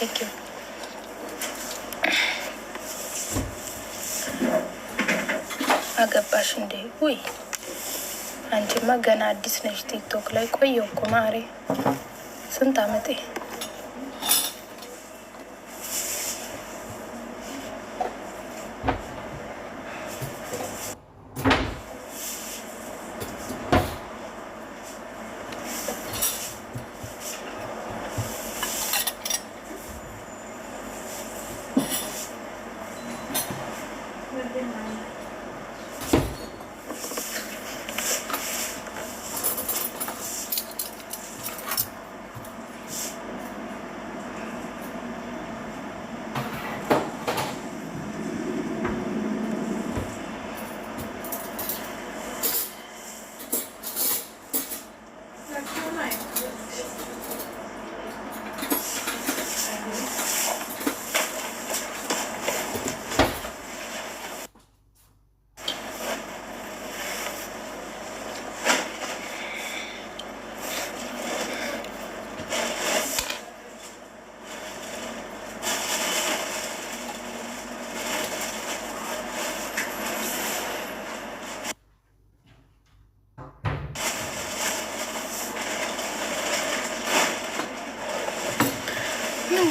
ቴንኪዩ። አገባሽ እንዴ? ውይ አንቺማ ገና አዲስ ነሽ። ቲክቶክ ላይ ቆየሁ እኮ ማሬ፣ ስንት አመቴ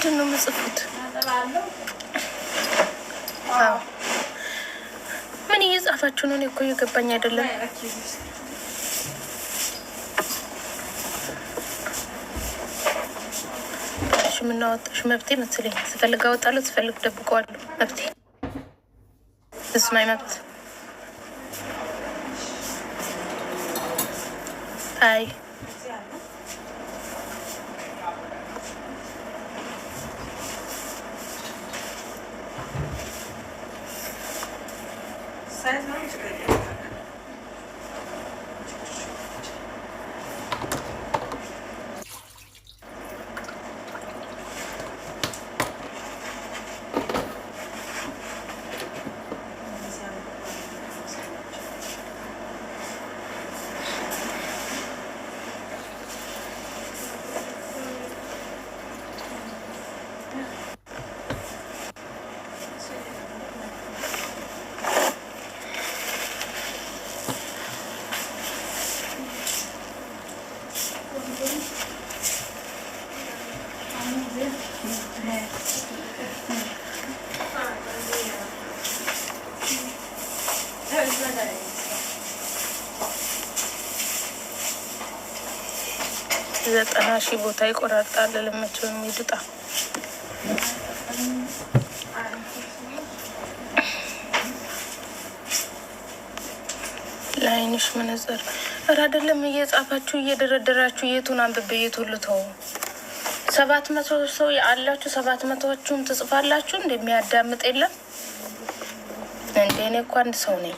እሱን ነው የምጽፉት። ምን እየጻፋችሁ ነው? እኔ እኮ እየገባኝ አይደለም። የምናወጣሽ መብቴ መሰለኝ። ስፈልግ አወጣለሁ፣ ስፈልግ ደብቀዋለሁ። መብቴ እስማይ መብት አይ faz não, ዘጠና ሺህ ቦታ ይቆራርጣል። ለመቸው የሚድጣ ለአይንሽ መነጽር ኧረ አይደለም እየጻፋችሁ እየደረደራችሁ የቱን አንብቤ የቱን ልተው? ሰባት መቶ ሰው አላችሁ። ሰባት መቶችሁን ትጽፋላችሁ እንደሚያዳምጥ የለም እንደ እኔ እኮ አንድ ሰው ነኝ።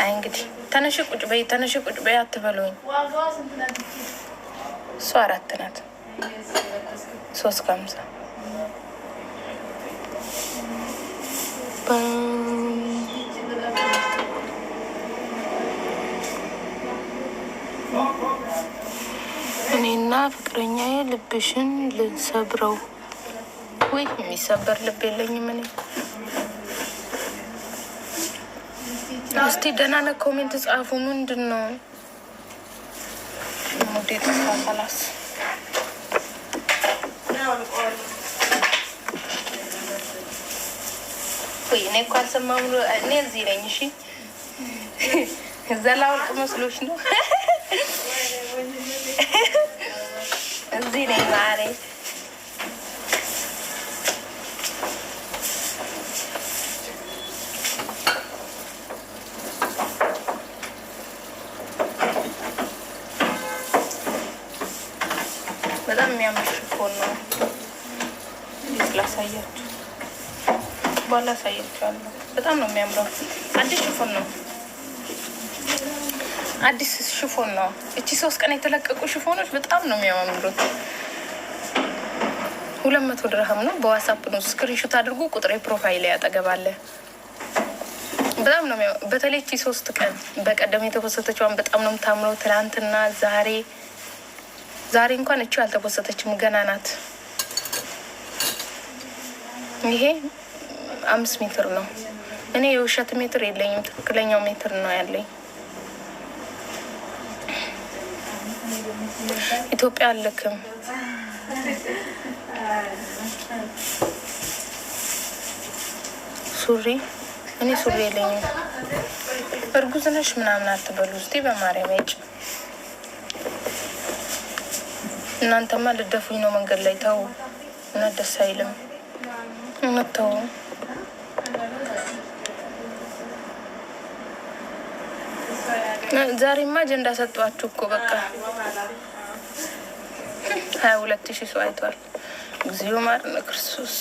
አይ እንግዲህ ተነሽ ቁጭ በይ፣ ተነሽ ቁጭ በይ አትበሉኝ። እሱ አራት ናት ሶስት እኔና ፍቅረኛዬ ልብሽን ልንሰብረው። ወይ የሚሰበር ልብ የለኝም እኔ እስቲ ደህና ነህ? ኮሜንት ጻፉ። ምንድን ነው ሙዴ ተስፋ ሰላስ እኔ እኮ አልሰማሁም። እኔ እዚህ ነኝ። እሺ ዘላወልቅ መስሎሽ ነው? እዚህ ነኝ ማሬ ሲሆን ነው ላሳያችሁ። በኋላ አሳያችኋለሁ። በጣም ነው የሚያምረው። አዲስ ሽፎን ነው። አዲስ ሽፎን ነው። እቺ ሶስት ቀን የተለቀቁ ሽፎኖች በጣም ነው የሚያማምሩት። ሁለት መቶ ድርሃም ነው። በዋሳፕ ነው። ስክሪንሾት አድርጎ ቁጥሬ ፕሮፋይል ያጠገባለ በጣም ነው በተለይ እቺ ሶስት ቀን በቀደም የተኮሰተችዋን በጣም ነው የምታምረው። ትናንትና ዛሬ ዛሬ እንኳን እቺ አልተፖሰተችም፣ ገና ናት። ይሄ አምስት ሜትር ነው። እኔ የውሸት ሜትር የለኝም፣ ትክክለኛው ሜትር ነው ያለኝ። ኢትዮጵያ አልክም። ሱሪ እኔ ሱሪ የለኝም። እርጉዝ ነሽ ምናምን አትበሉ ውስጤ በማርያም እናንተማ ልደፉኝ ነው መንገድ ላይ ተው። እና ደስ አይልም። እውነተው ዛሬማ አጀንዳ ሰጧችሁ እኮ በቃ ሀያ ሁለት ሺህ ሰው አይቷል። እግዚኦ ማርነ ክርስቶስ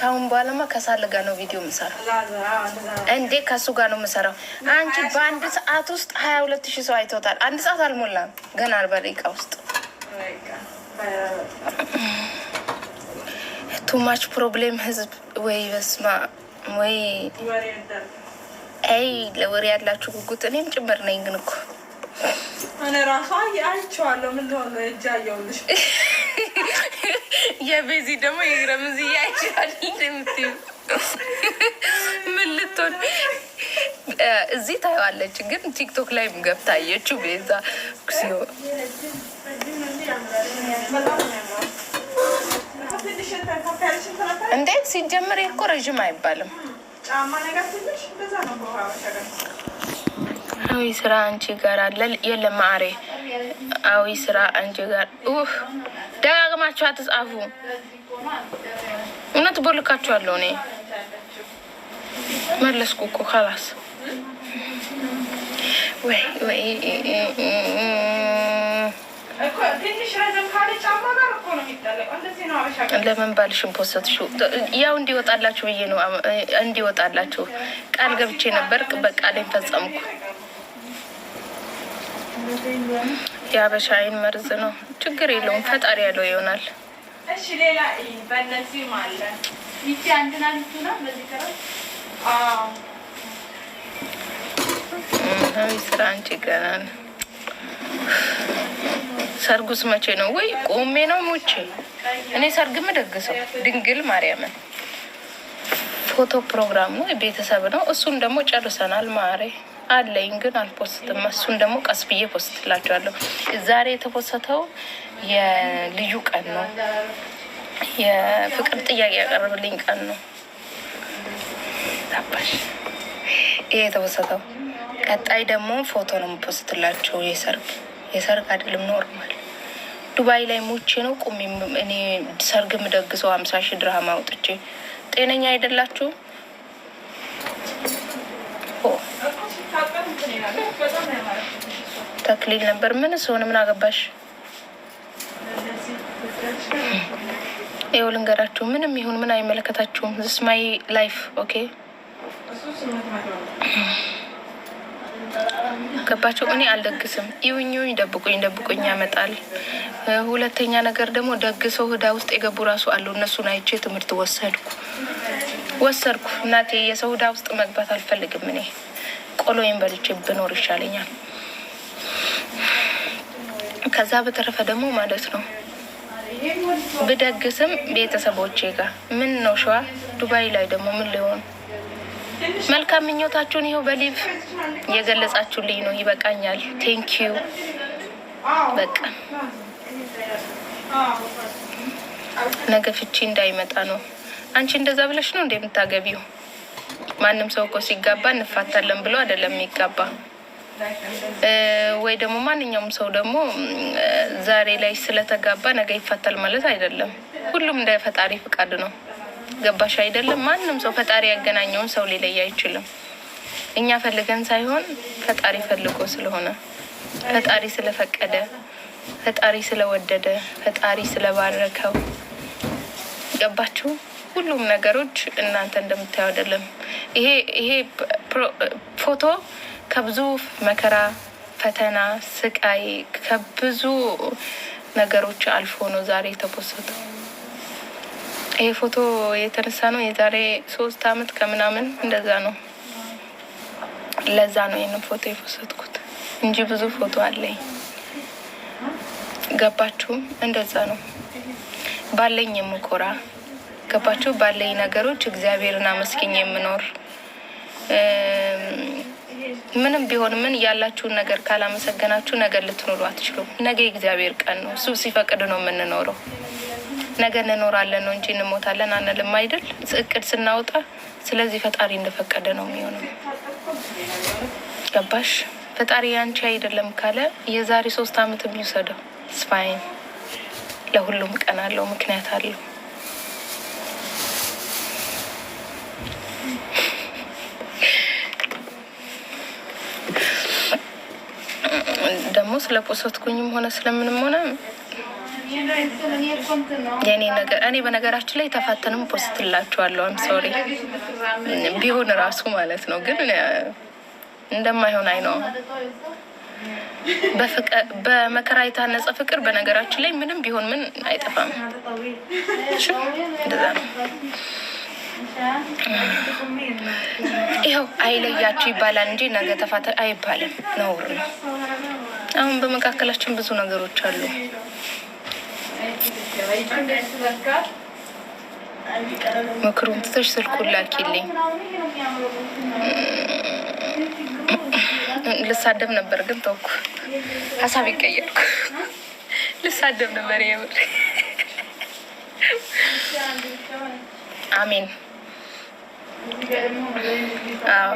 ከአሁን በኋላማ ከሳል ጋር ነው ቪዲዮ የምሰራው እንዴ? ከእሱ ጋር ነው የምሰራው። አንቺ በአንድ ሰዓት ውስጥ ሀያ ሁለት ሺህ ሰው አይቶታል። አንድ ሰዓት አልሞላም ግን አርባ ደቂቃ ውስጥ ቱማች ፕሮብሌም ህዝብ ወይ በስማ ወይ አይ ለወሬ ያላችሁ ጉጉት እኔም ጭምር ነኝ። ግን እኮ እኔ ራሷ አይቼዋለሁ። ምን ሆነ እጃ የቤዚ ደግሞ የረምዝ እያይችላል የምትይው ምን ልትሆን እዚህ ታየዋለች። ግን ቲክቶክ ላይ ገብታ አየችው ቤዛ ኩሲዮ እንዴ ሲጀምር እኮ ረዥም አይባልም። ስራ አንቺ ጋር አለ የለም ማሬ ከመንፈሳዊ ስራ አንቺ ጋር ደጋግማችሁ አትጻፉ። እውነት ቦልካችኋለሁ። እኔ መለስኩ እኮ ከላስ ወይ ወይ ለምን ባልሽን ፖስትሽው? ያው እንዲወጣላችሁ ብዬ ነው እንዲወጣላችሁ ቃል ገብቼ ነበር። በቃሌን ፈጸምኩ። የሀበሻ አይን መርዝ ነው። ችግር የለውም። ፈጣሪ ያለው ይሆናል። እሺ ሌላ በእነዚህም አለ ይቺ አንድና ልቱ ነው። በዚህ ስራ አንቺ ገና ነው። ሰርጉስ መቼ ነው? ወይ ቆሜ ነው ሞቼ እኔ ሰርግ ምደግሰው ድንግል ማርያምን ፎቶ ፕሮግራም ነው፣ ቤተሰብ ነው። እሱን ደግሞ ጨርሰናል ማሬ አለኝ ግን አልፖስትም። እሱን ደግሞ ቀስ ብዬ ፖስትላቸዋለሁ። ዛሬ የተፖሰተው የልዩ ቀን ነው። የፍቅር ጥያቄ ያቀረብልኝ ቀን ነው። ታባሽ ይሄ የተወሰተው ቀጣይ ደግሞ ፎቶ ነው የምፖስትላቸው። የሰርግ የሰርግ አይደለም ኖርማል ዱባይ ላይ ሞቼ ነው ቁሚ እኔ ሰርግ የምደግሰው ሀምሳ ሺህ ድርሃም አውጥቼ ጤነኛ አይደላችሁ? ተክሊል ነበር። ምን ስሆን ምን አገባሽ? ይኸው ልንገራችሁ፣ ምንም ይሁን ምን አይመለከታችሁም። ዚስ ማይ ላይፍ ኦኬ። ገባችሁ? እኔ አልደግስም። ይውኝ ደብቁኝ ደብቁኝ ያመጣል። ሁለተኛ ነገር ደግሞ ደግ ሰው ህዳ ውስጥ የገቡ ራሱ አሉ። እነሱን አይቼ ትምህርት ወሰድኩ ወሰድኩ። እናቴ የሰው ህዳ ውስጥ መግባት አልፈልግም እኔ ቆሎ በልቼ ብኖር ይሻለኛል። ከዛ በተረፈ ደግሞ ማለት ነው ብደግስም ቤተሰቦቼ ጋር ምን ነው ሸዋ ዱባይ ላይ ደግሞ ምን ሊሆን መልካም ምኞታችሁን ይኸው በሊቭ የገለጻችሁልኝ ነው። ይበቃኛል። ቴንክ ዩ በቃ ነገ ፍቺ እንዳይመጣ ነው። አንቺ እንደዛ ብለሽ ነው እንደምታገቢው ማንም ሰው እኮ ሲጋባ እንፋታለን ብሎ አይደለም የሚጋባ። ወይ ደግሞ ማንኛውም ሰው ደግሞ ዛሬ ላይ ስለተጋባ ነገ ይፋታል ማለት አይደለም። ሁሉም እንደ ፈጣሪ ፍቃድ ነው። ገባሽ አይደለም? ማንም ሰው ፈጣሪ ያገናኘውን ሰው ሊለይ አይችልም። እኛ ፈልገን ሳይሆን ፈጣሪ ፈልጎ ስለሆነ ፈጣሪ ስለፈቀደ ፈጣሪ ስለወደደ ፈጣሪ ስለባረከው ገባችሁ? ሁሉም ነገሮች እናንተ እንደምታየው አይደለም። ይሄ ይሄ ፎቶ ከብዙ መከራ፣ ፈተና፣ ስቃይ ከብዙ ነገሮች አልፎ ነው ዛሬ የተፖሰተው። ይሄ ፎቶ የተነሳ ነው የዛሬ ሶስት አመት ከምናምን እንደዛ ነው። ለዛ ነው ይህንን ፎቶ የፖሰትኩት እንጂ ብዙ ፎቶ አለኝ። ገባችሁም? እንደዛ ነው ባለኝ የምኮራ የሚገባቸው ባለኝ ነገሮች እግዚአብሔርን አመስግኝ የምኖር ምንም ቢሆን ምን ያላችሁን ነገር ካላመሰገናችሁ ነገር ልትኖሩ አትችሉም። ነገ የእግዚአብሔር ቀን ነው። እሱ ሲፈቅድ ነው የምንኖረው። ነገ እንኖራለን ነው እንጂ እንሞታለን አንልም አይደል? እቅድ ስናወጣ። ስለዚህ ፈጣሪ እንደፈቀደ ነው የሚሆነው። ገባሽ? ፈጣሪ ያንቺ አይደለም ካለ የዛሬ ሶስት አመት የሚውሰደው ስፋይን ለሁሉም ቀን አለው፣ ምክንያት አለው። ደግሞ ስለ ፖሰትኩኝም ሆነ ስለምንም ሆነ የኔ ነገር እኔ በነገራችን ላይ ተፋተንም ፖስትላችኋለሁ። አም ሶሪ ቢሆን ራሱ ማለት ነው። ግን እንደማይሆን አይ ነው በመከራ የታነጸ ፍቅር በነገራችን ላይ ምንም ቢሆን ምን አይጠፋም። እንደዛ ነው። ይኸው አይለያችሁ ይባላል እንጂ ነገ ተፋተ አይባልም። ነውር ነው። አሁን በመካከላችን ብዙ ነገሮች አሉ። ምክሩን ትተሽ ስልኩን ላኪልኝ። ልሳደብ ነበር ግን ተውኩ። ሀሳብ ይቀየርኩ። ልሳደብ ነበር የምር። አሜን። አዎ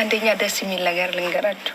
አንደኛ ደስ የሚል ነገር ልንገራችሁ